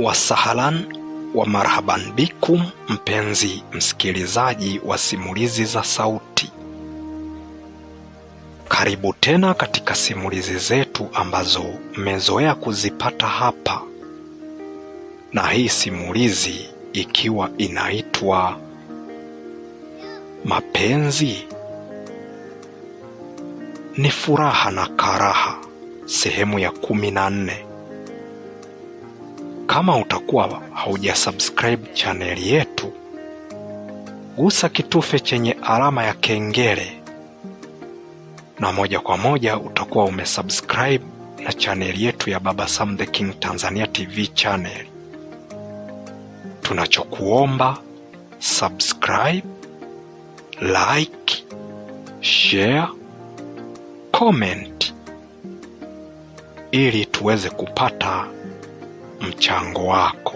Wasahalan wa marhaban bikum, mpenzi msikilizaji wa simulizi za sauti, karibu tena katika simulizi zetu ambazo mmezoea kuzipata hapa, na hii simulizi ikiwa inaitwa Mapenzi ni Furaha na Karaha, sehemu ya kumi na nne. Kama utakuwa haujasubscribe chaneli yetu, gusa kitufe chenye alama ya kengele na moja kwa moja utakuwa umesubscribe na chaneli yetu ya Baba Sam the King Tanzania TV channel. Tunachokuomba subscribe, like, share, comment ili tuweze kupata mchango wako.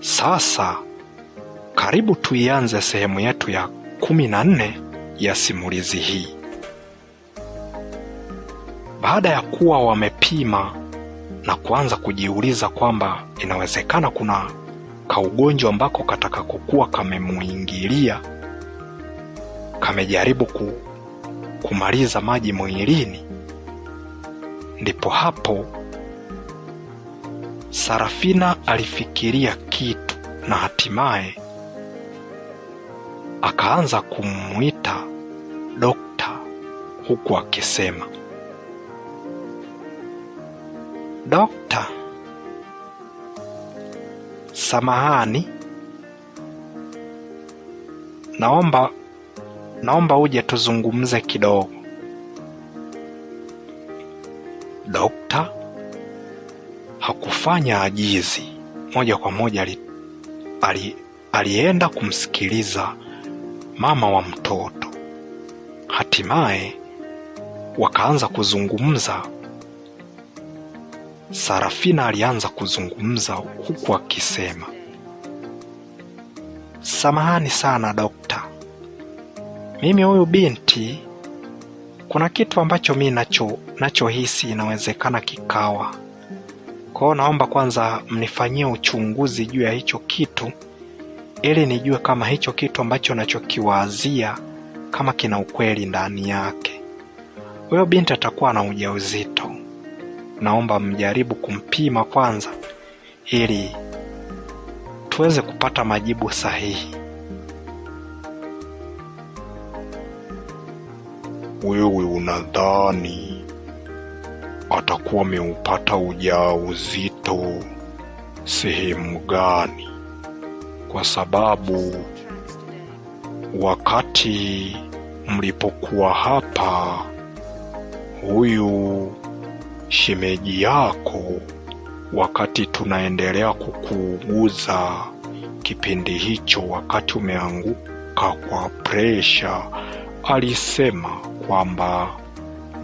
Sasa karibu tuianze sehemu yetu ya kumi na nne ya simulizi hii. Baada ya kuwa wamepima na kuanza kujiuliza kwamba inawezekana kuna kaugonjwa ambako katakakokuwa kamemuingilia kamejaribu ku, kumaliza maji mwilini, ndipo hapo Sarafina alifikiria kitu na hatimaye akaanza kumwita dokta, huku akisema dokta, samahani, naomba naomba uje tuzungumze kidogo. Dokta hakufanya ajizi moja kwa moja ali, ali, alienda kumsikiliza mama wa mtoto. Hatimaye wakaanza kuzungumza. Sarafina alianza kuzungumza huku akisema, samahani sana dokta, mimi huyu binti kuna kitu ambacho mi nacho nachohisi inawezekana kikawa kwa hiyo naomba kwanza mnifanyie uchunguzi juu ya hicho kitu ili nijue kama hicho kitu ambacho nachokiwazia kama kina ukweli ndani yake. Huyo binti atakuwa na ujauzito, naomba mjaribu kumpima kwanza ili tuweze kupata majibu sahihi. Wewe unadhani atakuwa ameupata ujauzito sehemu gani, kwa sababu wakati mlipokuwa hapa, huyu shemeji yako, wakati tunaendelea kukuuguza kipindi hicho, wakati umeanguka kwa presha, alisema kwamba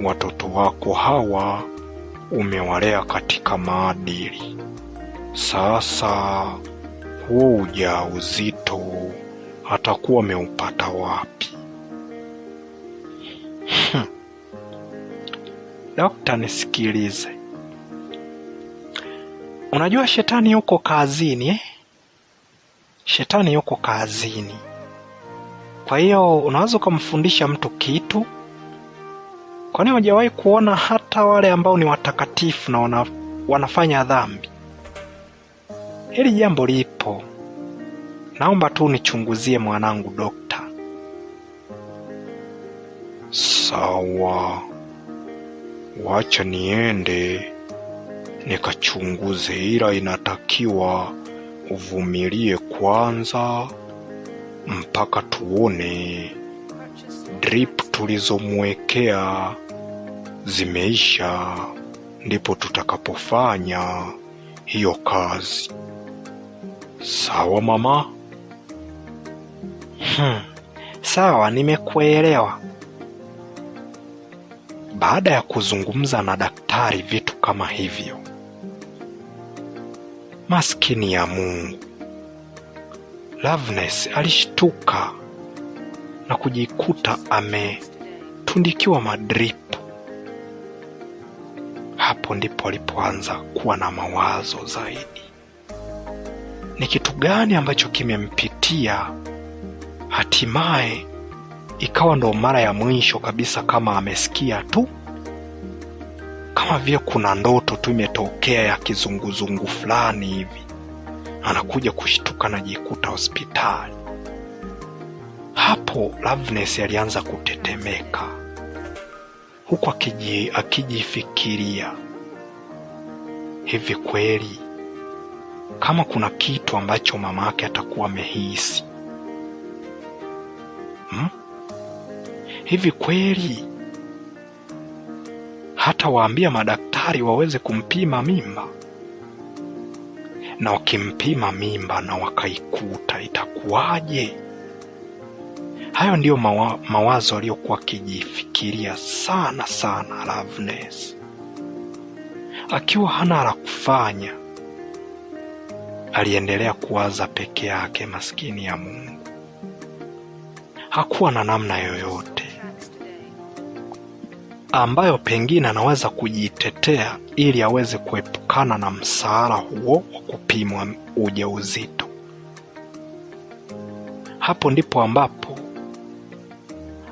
watoto wako hawa umewalea katika maadili. Sasa huo ujauzito atakuwa ameupata wapi? Hmm. Dokta, nisikilize. Unajua shetani yuko kazini eh? Shetani yuko kazini. Kwa hiyo unaweza ukamfundisha mtu kitu Kwani hujawahi kuona hata wale ambao ni watakatifu na wana, wanafanya dhambi? Hili jambo lipo. Naomba tu nichunguzie mwanangu, dokta. Sawa, wacha niende nikachunguze, ila inatakiwa uvumilie kwanza mpaka tuone drip tulizomwekea zimeisha ndipo tutakapofanya hiyo kazi. Sawa mama? Hmm, sawa, nimekuelewa. Baada ya kuzungumza na daktari vitu kama hivyo, maskini ya Mungu, Loveness alishtuka na kujikuta ametundikiwa madrip ndipo alipoanza kuwa na mawazo zaidi. Ni kitu gani ambacho kimempitia hatimaye ikawa ndo mara ya mwisho kabisa kama amesikia tu kama vile kuna ndoto tu imetokea ya kizunguzungu fulani hivi, anakuja kushtuka jikuta hospitali. Hapo Loveness alianza kutetemeka huku akijifikiria Hivi kweli kama kuna kitu ambacho mama yake atakuwa amehisi hmm? Hivi kweli hata waambia madaktari waweze kumpima mimba, na wakimpima mimba na wakaikuta itakuwaje? Hayo ndiyo mawa, mawazo aliyokuwa akijifikiria sana sana Loveness. Akiwa hana la kufanya, aliendelea kuwaza peke yake. Maskini ya Mungu, hakuwa na namna yoyote ambayo pengine anaweza kujitetea ili aweze kuepukana na msaala huo wa kupimwa ujauzito. Hapo ndipo ambapo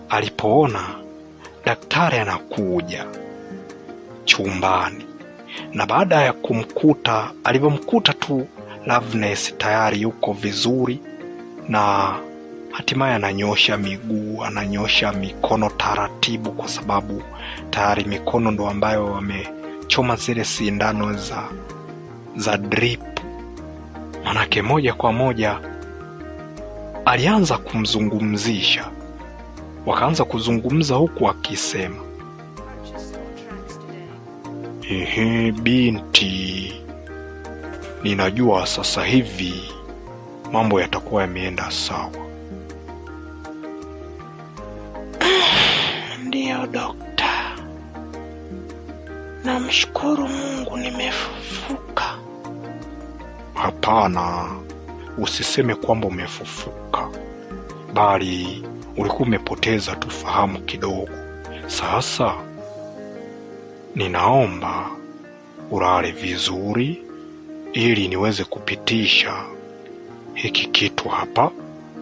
alipoona daktari anakuja chumbani na baada ya kumkuta, alivyomkuta tu Loveness tayari yuko vizuri, na hatimaye ananyosha miguu, ananyosha mikono taratibu, kwa sababu tayari mikono ndo ambayo wamechoma zile sindano za, za drip. Manake moja kwa moja alianza kumzungumzisha, wakaanza kuzungumza huku akisema Ehe binti, ninajua sasa hivi mambo yatakuwa yameenda sawa. Ndiyo dokta, namshukuru Mungu nimefufuka. Hapana, usiseme kwamba umefufuka, bali ulikuwa umepoteza tu fahamu kidogo. Sasa Ninaomba ulale vizuri ili niweze kupitisha hiki kitu hapa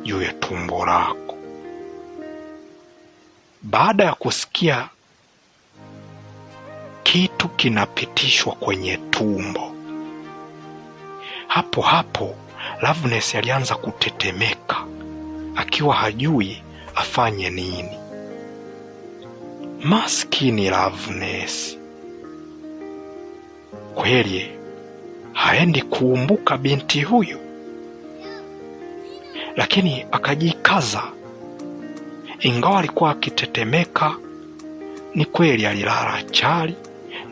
juu ya tumbo lako. Baada ya kusikia kitu kinapitishwa kwenye tumbo, hapo hapo Loveness alianza kutetemeka akiwa hajui afanye nini. Maskini Loveness kweli haendi kuumbuka binti huyu, lakini akajikaza. Ingawa alikuwa akitetemeka, ni kweli alilala chali,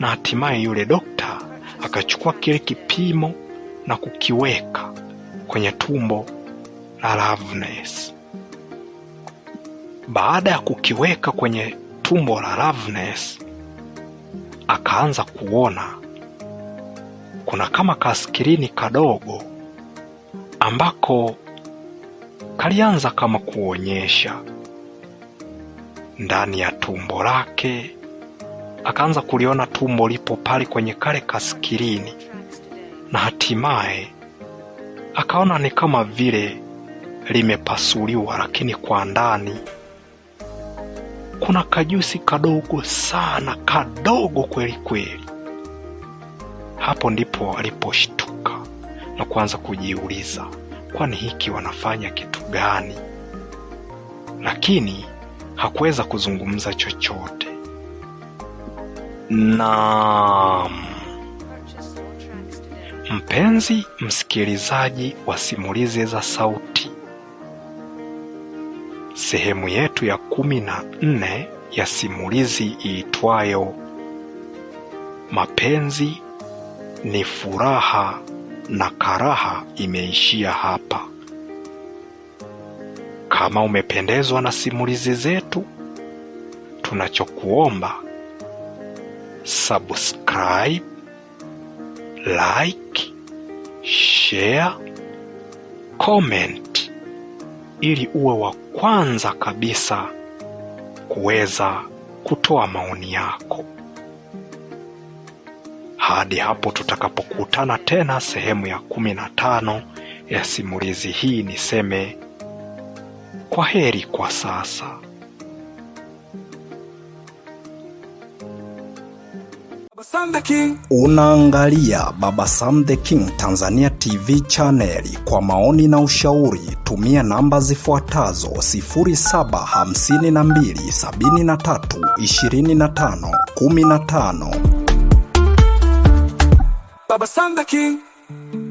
na hatimaye yule dokta akachukua kile kipimo na kukiweka kwenye tumbo la Ravnes. Baada ya kukiweka kwenye tumbo la Ravnes, akaanza kuona kuna kama kaskirini kadogo ambako kalianza kama kuonyesha ndani ya tumbo lake. Akaanza kuliona tumbo lipo pale kwenye kale kaskirini, na hatimaye akaona ni kama vile limepasuliwa, lakini kwa ndani kuna kajusi kadogo sana kadogo kweli kweli. Hapo ndipo aliposhtuka na kuanza kujiuliza, kwani hiki wanafanya kitu gani? Lakini hakuweza kuzungumza chochote. Na mpenzi msikilizaji wa simulizi za sauti, sehemu yetu ya kumi na nne ya simulizi iitwayo Mapenzi ni furaha na karaha imeishia hapa. Kama umependezwa na simulizi zetu, tunachokuomba subscribe, like, share, comment ili uwe wa kwanza kabisa kuweza kutoa maoni yako hadi hapo tutakapokutana tena sehemu ya kumi na tano ya simulizi hii, niseme kwa heri kwa sasa. Unaangalia Baba Sam the King Tanzania TV channel. Kwa maoni na ushauri tumia namba zifuatazo: 0752732515 Baba sen de king